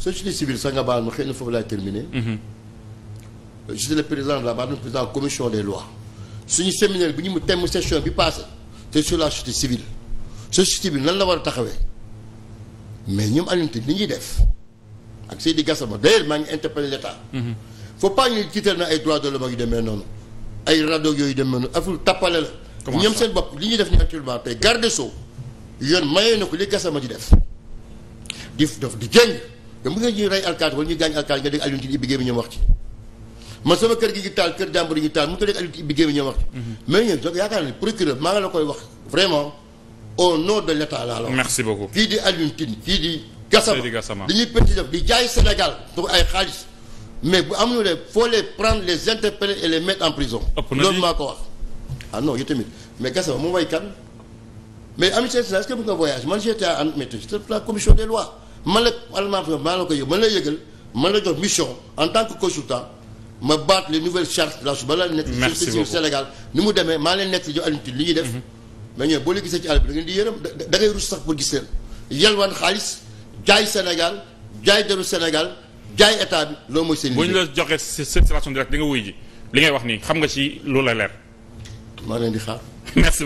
société civile sax nga baal ma xëy na foofu laay terminer. Mhm. Euh, j'étais le président de la maanaam président commission des lois suñu séminaire bi ñu mu temm session bi passé c'est sur la société civile société civile nan la war a taxawee mais ñoom alinti ni ñuy def ak Seydi Gassama d'ailleurs maa ngi interpellé l'État mhm. faut pas ñu tiital na ay droits de l'homme yu demee noonu ay rajo yooyu demee noonu aful tappale la ñoom seen bopp li ñuy def ñu actuellement tey garde so yoon mayee na ko li Gassama di def di def di mu nga ñuy rey alkaati wala ñuy gaañ alkaati nga dégg Alioune Tine ibbi gémmiñam wax ci man sama kër gi ñu taal kër jàmbur yi ñu taal mu ko dégg Alioune Tine ibbi gémmiñam wax ci mhm. mais ñun donc yaakaar ne procureur maa nga la koy wax vraiment au nom de l'état laa wax merci beaucoup kii di Alioune Tine kii di Gassama dañuy petit def di jaay Sénégal pour ay xaalis mais bu am ñu le faut les prendre les interpeller et les mettre en prison loolu ko wax ah mais kan mais Amitié est-ce bu nga voyage man j'étais à man la aliment maa la ko yëg man la yëgal man la jox mission en tant que consultant ma baat les nouvelles chartes là su ba la nekk Sénégal ni mu demee maa leen nekk ci jox alinti li ñuy def mhm. mais ñoom boo leen gisee ci àll bi da di yërëm da ngay rus sax pour gis leen yalwaan xaalis jaay Sénégal jaay deru Sénégal jaay état bi loolu mooy seen bu ñu la joxee situation directe di nga wuy ji li ngay wax nii xam nga ci loolu la leer maa leen di xaar